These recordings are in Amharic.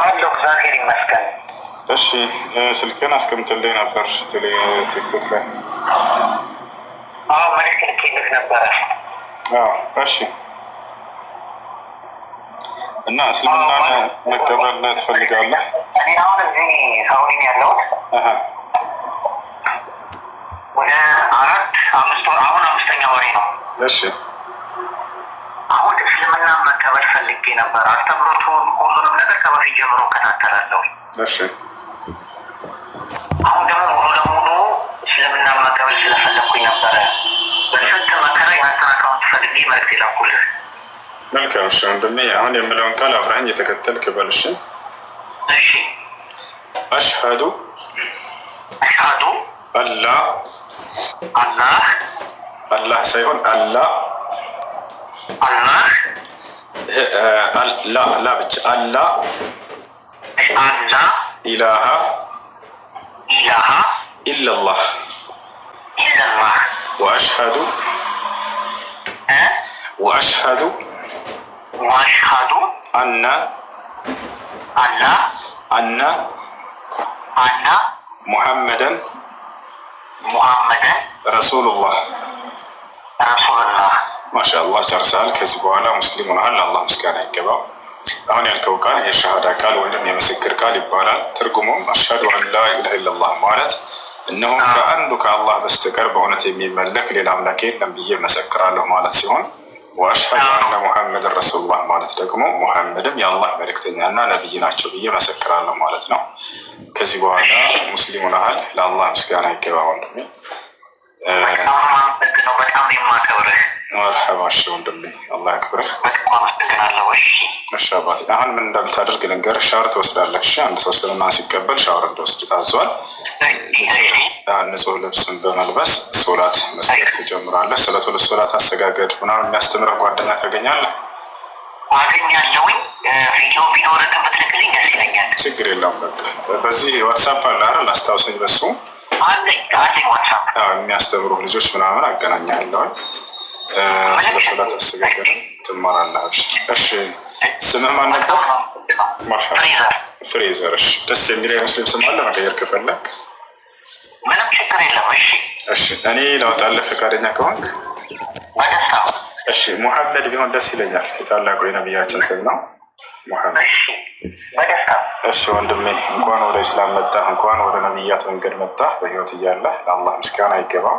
አለሁ እግዚአብሔር ይመስገን። እሺ ስልክን አስቀምጥልኝ ነበር ቴሌ ቲክቶክ ላይ አዎ መልዕክት ልኬልህ ነበረ። እሺ እና እስልምናን መቀበል ትፈልጋለህ? እኔ አሁን እዚህ ሳውዲ ያለሁት ወደ አራት አምስት ወር አሁን አምስተኛ ወሬ ነው። እሺ ፈልጌ ነበር። አስተምሮቱን ሁሉንም ነገር ከበፊት ጀምሮ እከታተላለሁ። እሺ አሁን ደግሞ ሙሉ ለሙሉ እስልምና መቀበል ስለፈለግኩኝ ነበረ። በስንት መከራ የአንተን አካውንት ፈልጌ መልዕክት የላኩልህ። መልካም እሺ ወንድሜ፣ አሁን የምለውን ቃል አብረሃኝ የተከተልክ በል። እሺ እሺ አሽሃዱ አሽሃዱ አላህ አላህ አላህ ሳይሆን አላህ አላህ لا لا ብቻ አላ إله إلا الله إلا الله وأشهد وأشهد وأشهد أن أن أن أن محمدا محمدا رسول الله رسول الله ማሻአላ ጨርሰሃል። ከዚህ በኋላ ሙስሊም ሆነሃል። አላህ ምስጋና ይገባው። አሁን ያልከው ቃል የሸሃዳ ቃል ወይም የምስክር ቃል ይባላል። ትርጉሙም አሽሀዱ አን ላ ኢላሀ ኢለላህ ማለት እነሆ ከአንዱ ከአላህ በስተቀር በእውነት የሚመለክ ሌላ አምላክ የለም ብዬ መሰክራለሁ ማለት ሲሆን ወአሽሀዱ አነ ሙሐመድን ረሱሉላህ ማለት ደግሞ ሙሐመድም የአላህ መልእክተኛና ነቢይ ናቸው ብዬ መሰክራለሁ ማለት ነው። ከዚህ በኋላ ሙስሊም ሆነሃል። ለአላህ ምስጋና ይገባ ወንድሜ። በጣም ነው የማከብርህ መርሐባ እሺ ወንድሜ አላህ ያክብረህ። እሺ አባቴ አሁን ምን እንደምታደርግ ልንገርህ። ሻወር ትወስዳለህ። እሺ አንድ ሰው እስልምና ሲቀበል ሻወር እንደወስድ ታዟል። ንጹህ ልብስን በመልበስ ሶላት መስገድ ትጀምራለህ። ስለ ቶሎ ሶላት አሰጋገድ ምናምን የሚያስተምረህ ጓደኛ ታገኛለህ። አገኛለሁኝ። ችግር የለውም። በቃ በዚህ ዋትሳፕ አለ አይደል? አስታውሰኝ። በሱ የሚያስተምሩ ልጆች ምናምን አገናኛለሁ። ስለ ሾላ አስተጋገር ትማራለህ። እሺ ስምህ ማን ነበር? መርሐባ ፍሬዘር። እሺ ደስ የሚል ሙስሊም ስም አለ መቀየር ከፈለግ ምንም ችግር የለም። እሺ እሺ እኔ ላወጣልህ ፈቃደኛ ከሆንክ በደስታ። እሺ ሙሐመድ ቢሆን ደስ ይለኛል። የታላቁ የነቢያችን ስም ነው ሙሐመድ። እሺ ወንድሜ እንኳን ወደ ኢስላም መጣህ፣ እንኳን ወደ ነቢያት መንገድ መጣህ። በህይወት እያለህ ለአላህ ምስጋና ይገባው።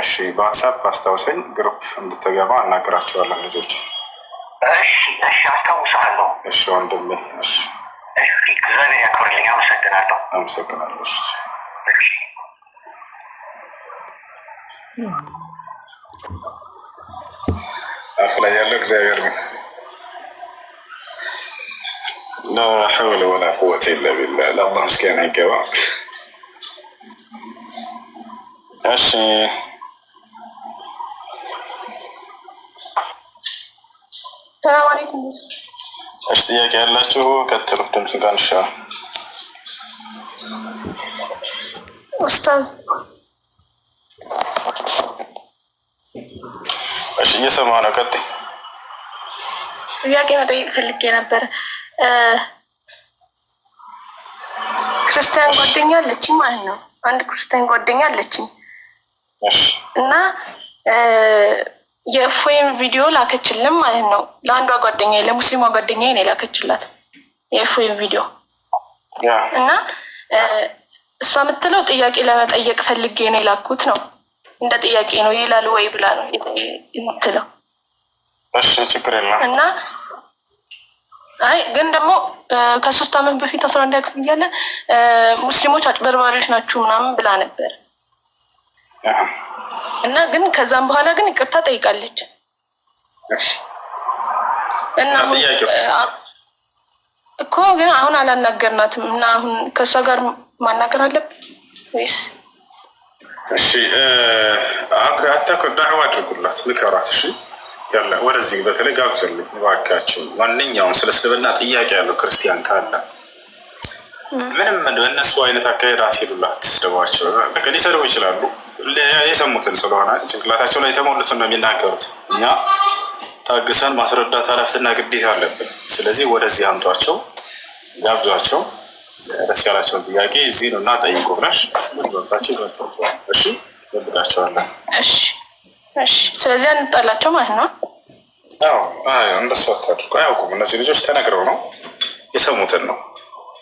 እሺ በዋትሳፕ አስታውሰኝ፣ ግሩፕ እንድትገባ እናግራቸዋለን ልጆች። እሺ እሺ፣ አስታውሳለሁ። እሺ ወንድሜ፣ እሺ እሺ፣ እግዚአብሔር ያክብርልኝ። አመሰግናለሁ፣ አመሰግናለሁ። እሺ አፍ ላይ ያለው እግዚአብሔር ነው። ላ ሐውለ ወላ ቁወተ ኢላ ቢላህ። ለአላህ ምስጋና ይገባ። እሺ እሺ ጥያቄ ያላችሁ ቀጥሉ። ድምፁን ቀንሻ ኡስታዝ። እሺ እየሰማ ነው። ቀጥ ጥያቄ መጠየቅ ፈልጌ ነበር። ክርስቲያን ጓደኛ አለችኝ ማለት ነው። አንድ ክርስቲያን ጓደኛ አለችኝ እና የእፎይን ቪዲዮ ላከችልም ማለት ነው። ለአንዷ ጓደኛ ለሙስሊሟ ጓደኛ ነው የላከችላት የእፎይን ቪዲዮ እና እሷ የምትለው ጥያቄ ለመጠየቅ ፈልጌ ነው የላኩት ነው እንደ ጥያቄ ነው ይላል ወይ ብላ ነው የምትለው። እሺ ችግር የለም እና አይ ግን ደግሞ ከሶስት አመት በፊት አስራ አንድ ክፍል እያለ ሙስሊሞች አጭበርባሪዎች ናችሁ ምናምን ብላ ነበር እና ግን ከዛም በኋላ ግን ይቅርታ ጠይቃለች እና እኮ ግን አሁን አላናገርናትም እና አሁን ከእሷ ጋር ማናገር አለብን ወይስ? እሺ አታኮ ዳዕዋ አድርጉላት፣ ምከሯት። እሺ ያለ ወደዚህ በተለይ ጋብዘልኝ እባካችሁ። ማንኛውም ስለ እስልምና ጥያቄ ያለው ክርስቲያን ካለ ምንም በእነሱ አይነት አካሄድ አትሄዱላት፣ አትስደቧቸው። ሊሰድቡ ይችላሉ የሰሙትን ስለሆነ ጭንቅላታቸው ላይ የተሞሉትን ነው የሚናገሩት። እኛ ታግሰን ማስረዳት ኃላፊነትና ግዴታ አለብን። ስለዚህ ወደዚህ አምጧቸው፣ ጋብዟቸው። ደስ ያላቸውን ጥያቄ እዚህ ነው እና ጠይቁ ብላሽ ወጣቸው ይዟቸው እሺ፣ ጠብቃቸዋለን። ስለዚህ አንጣላቸው ማለት ነው። እንደሱ አታድርጉ። አያውቁም እነዚህ ልጆች ተነግረው ነው የሰሙትን ነው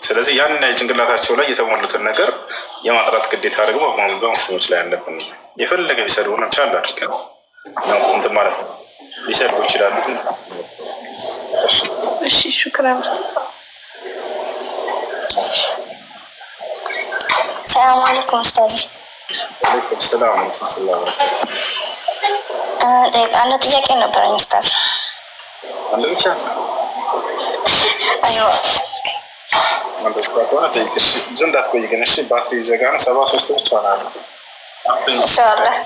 ስለዚህ ያን ጭንቅላታቸው ላይ የተሞሉትን ነገር የማጥራት ግዴታ ደግሞ በሙስሊሞች ላይ ያለብን የፈለገ ቢሰዱ ብቻ አላድርገ እንትን ማለት ነው ሊሰዱ ይችላሉ። እሺ ሹክራን። ሰላም አለይኩም ኡስታዝ። አለይኩም ሰላም። አንድ ጥያቄ ነበረኝ ኡስታዝ። አንድ ብቻ? አይዋ ከሆነ እሺ። ባትሪ ዘጋ ሰባ ሶስት ብቻ ሆናለ። ኢንሻላህ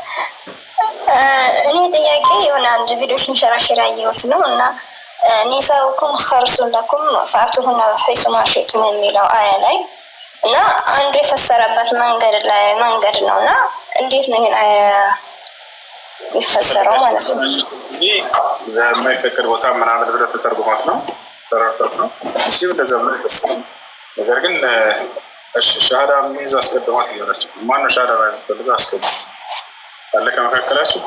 እኔ ጥያቄ የሆነ አንድ ቪዲዮ ሽንሸራሽር ያየሁት ነው እና ኒሳኡኩም ከርሱን ለኩም ፈአቱሁነ ሒሱማ ሽእቱም የሚለው አያ ላይ እና አንዱ የፈሰረበት መንገድ ላይ መንገድ ነው እና እንዴት ነው ይህን አያ የሚፈሰረው ማለት ነው? የማይፈቅድ ቦታ ምናምን ብለህ ተተርጉማት ነው ተረርሰት ነው እ እንደዛ ነው ይፈሰረው ነገር ግን ሻሃዳ የሚይዝ አስቀድማት እያላቸው ማነው ሻሃዳ መያዝ ፈልገ አስቀድማት አለ ከመካከላችሁ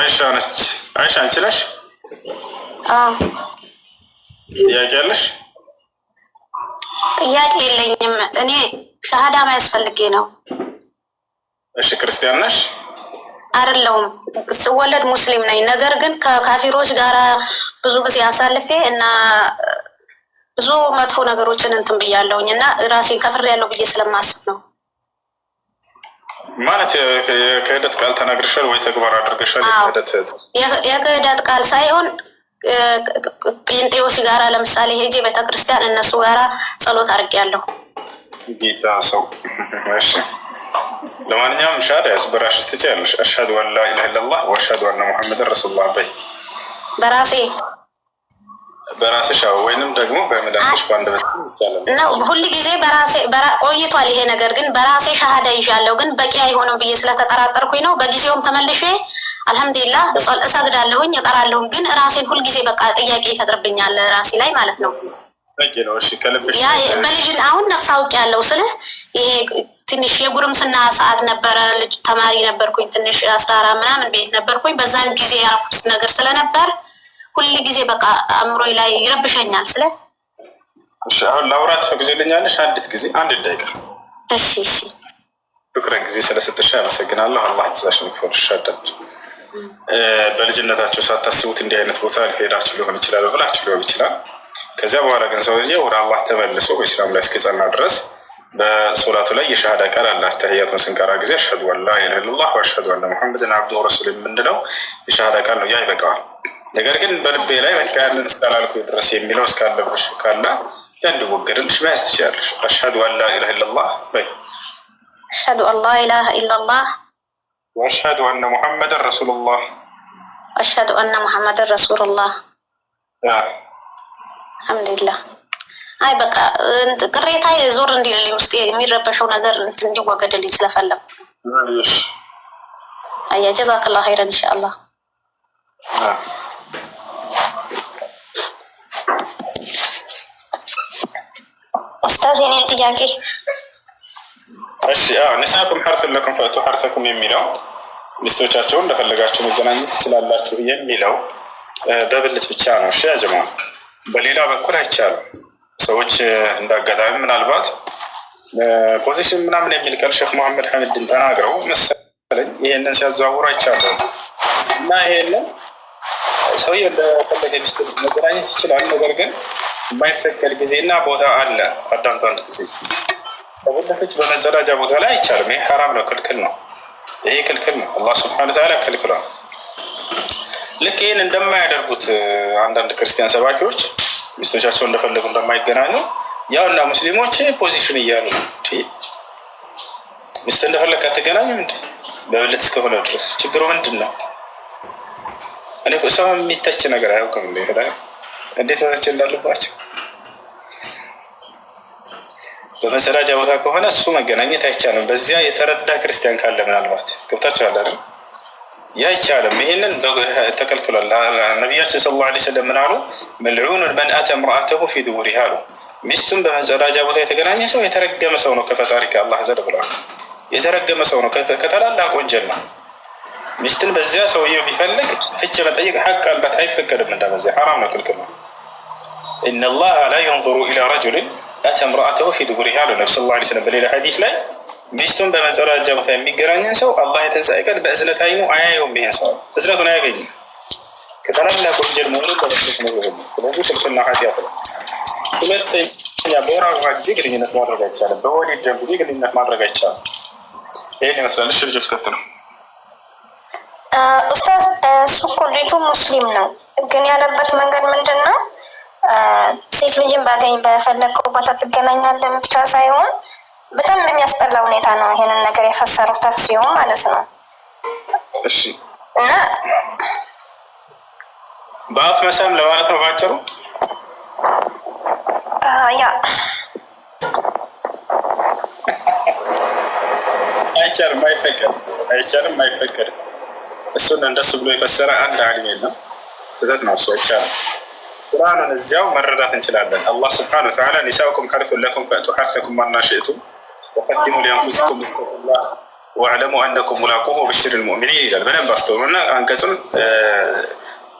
አይሻ ነች። አይሻ አንቺ ነሽ? ጥያቄ አለሽ? ጥያቄ የለኝም። እኔ ሻሃዳ ማያስፈልጌ ነው። እሺ ክርስቲያን ነሽ? አይደለሁም። ስወለድ ሙስሊም ነኝ። ነገር ግን ከካፊሮች ጋር ብዙ ጊዜ አሳልፌ እና ብዙ መጥፎ ነገሮችን እንትን ብያለሁኝ እና ራሴን ያለው ብዬ ስለማስብ ነው። ማለት የክህደት ቃል ተናግርሻል ወይ ተግባር አድርገሻል? የክህደት ቃል ሳይሆን ጴንጤዎች ጋራ ለምሳሌ ሄጄ ቤተክርስቲያን እነሱ ጋራ ጸሎት አድርጌያለሁ። ጌታ ለማንኛውም ሻዳ ያስበራሽ ስትች ትችያለሽ። አሽሀዱ አን ላ ኢላሀ ኢለላህ ወአሽሀዱ አነ ሙሐመድን ረሱሉላህ በይ በራሴ በራስሽ አዎ፣ ወይንም ደግሞ በምላስሽ በአንድ በት ነው። ሁል ጊዜ በራሴ ቆይቷል ይሄ ነገር፣ ግን በራሴ ሻሃዳ ይዣለሁ፣ ግን በቂ አይሆንም ብዬ ስለተጠራጠርኩኝ ነው። በጊዜውም ተመልሼ አልሐምዱሊላህ እሰግዳለሁኝ እቀራለሁም፣ ግን ራሴን ሁልጊዜ በቃ ጥያቄ ይፈጥርብኛል ራሴ ላይ ማለት ነው። በልጅን አሁን ነፍስ አውቅ ያለው ስለ ይሄ ትንሽ የጉርምስና ሰዓት ነበረ። ልጅ ተማሪ ነበርኩኝ ትንሽ አስራ ምናምን ቤት ነበርኩኝ። በዛን ጊዜ ያልኩት ነገር ስለነበር ሁል ጊዜ በቃ አእምሮ ላይ ይረብሸኛል። ስለ አሁን ለአውራት ፈቅጅልኛለሽ አንዲት ጊዜ አንድ ደቂቃ። እሺ፣ እሺ። ሹክረን ጊዜ ስለሰጥሻ አመሰግናለሁ። አላህ ትዛሽ ሚክፈል ሻዳቸው በልጅነታቸው ሳታስቡት እንዲህ አይነት ቦታ ሄዳችሁ ሊሆን ይችላል ብላችሁ ሊሆን ይችላል። ከዚያ በኋላ ግን ሰውዬው ወደ አላህ ተመልሶ በኢስላም ላይ እስኪጸና ድረስ በሶላቱ ላይ የሻሃዳ ቃል አለ። አተህያት ስንቀራ ጊዜ አሽሀዱ ላ ኢላሀ ኢለላህ ወአሽሀዱ አነ ሙሐመድን አብዱሁ ወረሱሉህ የምንለው የሻሃዳ ቃል ነው። ያ ይበቃዋል። ነገር ግን በልቤ ላይ በቃ ያንን እስካላልኩ ድረስ የሚለው እስካለብሽ ካለ ያንድ እንዲወገድልሽ መያዝ ትችላለሽ። አሽሀዱ ላ ኢላሀ ኢለላህ በይ አሽሀዱ አላ ኢላሀ ኢለላህ وأشهد أن محمد رسول الله أشهد أن محمد رسول الله نعم الحمد لله أي بقى أنت قريت هاي زور عندي اللي مستي أمير ربشون أدر أنت عندي وقعد اللي سلف الله معليش أي جزاك الله خير إن شاء الله نعم أستاذ يعني أنت جاكي እሺ ኒሳኩም ሐርሱን ለኩም ፈቱ ሐርሰኩም የሚለው ሚስቶቻቸውን እንደፈለጋችሁ መገናኘት ትችላላችሁ የሚለው በብልት ብቻ ነው። እሺ ያጀማ በሌላ በኩል አይቻልም። ሰዎች እንደ አጋጣሚ ምናልባት ፖዚሽን ምናምን የሚል ቃል ሼክ መሐመድ ሐሚድን ተናግረው መሰለኝ ይሄንን ሲያዘዋውሩ አይቻለሁ እና ይሄንን ሰው እንደፈለገ ሚስት መገናኘት ይችላል። ነገር ግን የማይፈቀድ ጊዜና ቦታ አለ። አዳምቶ አንድ ጊዜ ከበለተች በመጸዳጃ ቦታ ላይ አይቻልም። ይህ ሐራም ነው፣ ክልክል ነው። ይህ ክልክል ነው። አላህ ስብሐነ ወተዓላ ክልክሏል። ልክ ይህን እንደማያደርጉት አንዳንድ ክርስቲያን ሰባኪዎች ሚስቶቻቸው እንደፈለጉ እንደማይገናኙ ያው እና ሙስሊሞች ፖዚሽን እያሉ ሚስት እንደፈለግ አትገናኙ እንዲ በብልት እስከሆነ ድረስ ችግሩ ምንድን ነው? እኔ ሰው የሚተች ነገር አያውቅም። እንዴት መተች እንዳለባቸው በመጸዳጃ ቦታ ከሆነ እሱ መገናኘት አይቻልም። በዚያ የተረዳ ክርስቲያን ካለ ምናልባት ገብታችኋል አይደል? ያ አይቻልም። ይህንን ተከልክሏል። ነቢያችን ስለ ላ ስለም ምን አሉ? መልዑኑ መን አተ ምርአተሁ ፊ ዱቡሪሃ አሉ። ሚስቱን በመጸዳጃ ቦታ የተገናኘ ሰው የተረገመ ሰው ነው ከፈጣሪ ከአላህ ዘንድ ብለዋል። የተረገመ ሰው ነው ከታላላቅ ወንጀል ነው። ሚስትን በዚያ ሰውየው ቢፈልግ ፍች መጠየቅ ሀቅ አላት። አይፈቀድም። እንደበዚያ ሐራም ነው፣ ክልክል ነው። ኢነ ላህ ላ የንظሩ ኢላ ረጁልን ላች ምራአተሁ ፊ ዱቡሪሃ አሉ ነቢ ስለ ላ በሌላ ሐዲስ ላይ ሚስቱን በመጸዳጃ ቦታ የሚገናኘን ሰው አላህ የተንሳኤ ቀን በእዝነት አይኑ አያየውም። ይሄ ሰው እዝነቱን አያገኝም። ከታላላቅ ወንጀል መሆኑ ተመስሎት ነው ይሆ ስለዚህ ትልፍና ኃጢአት ነው። ሁለተኛ በወር አበባ ጊዜ ግንኙነት ማድረግ አይቻልም። በወሊድ ደም ጊዜ ግንኙነት ማድረግ አይቻልም። ይህን ይመስላል። እሺ ልጆች ቀጥሉ። ኡስታዝ እሱ እኮ ልጁ ሙስሊም ነው፣ ግን ያለበት መንገድ ምንድን ነው? ሴት ልጅን ባገኝ በፈለግከው ቦታ ትገናኛለን ብቻ ሳይሆን በጣም በሚያስጠላ ሁኔታ ነው ይሄንን ነገር የፈሰረው ተፍሲሩ ማለት ነው። እሺ እና በአፍ መሳም ለማለት ነው ባጭሩ። ያ አይቻልም፣ አይፈቀድም፣ አይቻልም፣ አይፈቀድም። እሱን እንደሱ ብሎ የፈሰረ አንድ አሊም የለም። ስህተት ነው እሱ አይቻልም። ቁርአንን እዚያው መረዳት እንችላለን። አላህ ስብሓነሁ ወተዓላ ኒሳኡኩም ሐርሱን ለኩም ፈእቱ ሐርሰኩም ማና ሽእቱም ወቀድሙ ሊአንፉሲኩም ተቁላህ ወዕለሙ አነኩም ሙላቁሁ ወበሽር ልሙእሚኒን ይላል። በደንብ አስተውሉና አንቀጹን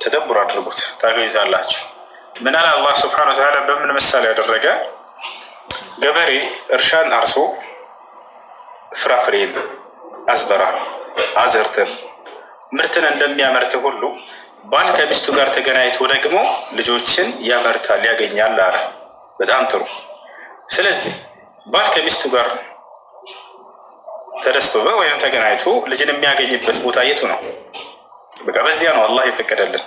ተደብሮ አድርጉት ታገኙታላችሁ። ምናል አላህ ስብሓነሁ ወተዓላ በምን ምሳሌ ያደረገ ገበሬ እርሻን አርሶ ፍራፍሬን፣ አዝበራ፣ አዝርትን ምርትን እንደሚያመርት ሁሉ ባል ከሚስቱ ጋር ተገናኝቶ ደግሞ ልጆችን ያመርታል ያገኛል አለ። በጣም ጥሩ። ስለዚህ ባል ከሚስቱ ጋር ተደስቶ ወይም ተገናኝቶ ልጅን የሚያገኝበት ቦታ የቱ ነው? በቃ በዚያ ነው አላህ የፈቀደልን።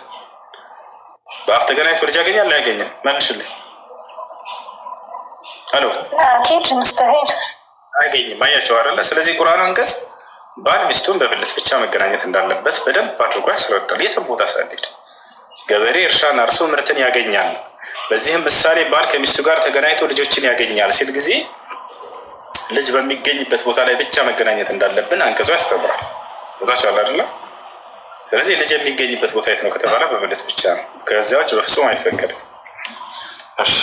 በአፍ ተገናኝቶ ልጅ ያገኛል አያገኝም? መልሽልኝ። አሎ አያገኝም። አያቸው አለ። ስለዚህ ቁርአን አንቀጽ ባል ሚስቱን በብልት ብቻ መገናኘት እንዳለበት በደንብ አድርጎ ያስረዳል። የትም ቦታ ሳንሄድ ገበሬ እርሻን አርሶ ምርትን ያገኛል። በዚህም ምሳሌ ባል ከሚስቱ ጋር ተገናኝቶ ልጆችን ያገኛል ሲል ጊዜ ልጅ በሚገኝበት ቦታ ላይ ብቻ መገናኘት እንዳለብን አንቀጹ ያስተምራል። ቦታች አለ አይደለም። ስለዚህ ልጅ የሚገኝበት ቦታ የት ነው ከተባለ በብልት ብቻ ነው። ከዚያ ውጭ በፍጹም አይፈቀድም። እሺ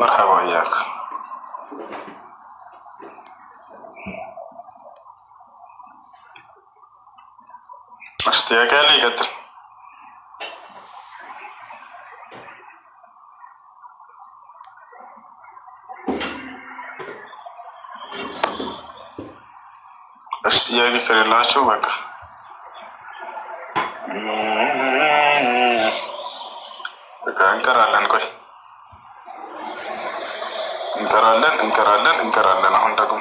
مرحبا وياك اشتياقا لي قدر اشتياقي كريلا اشوفك كان كرا لنكوي እንጠራለን እንጠራለን እንጠራለን አሁን ደግሞ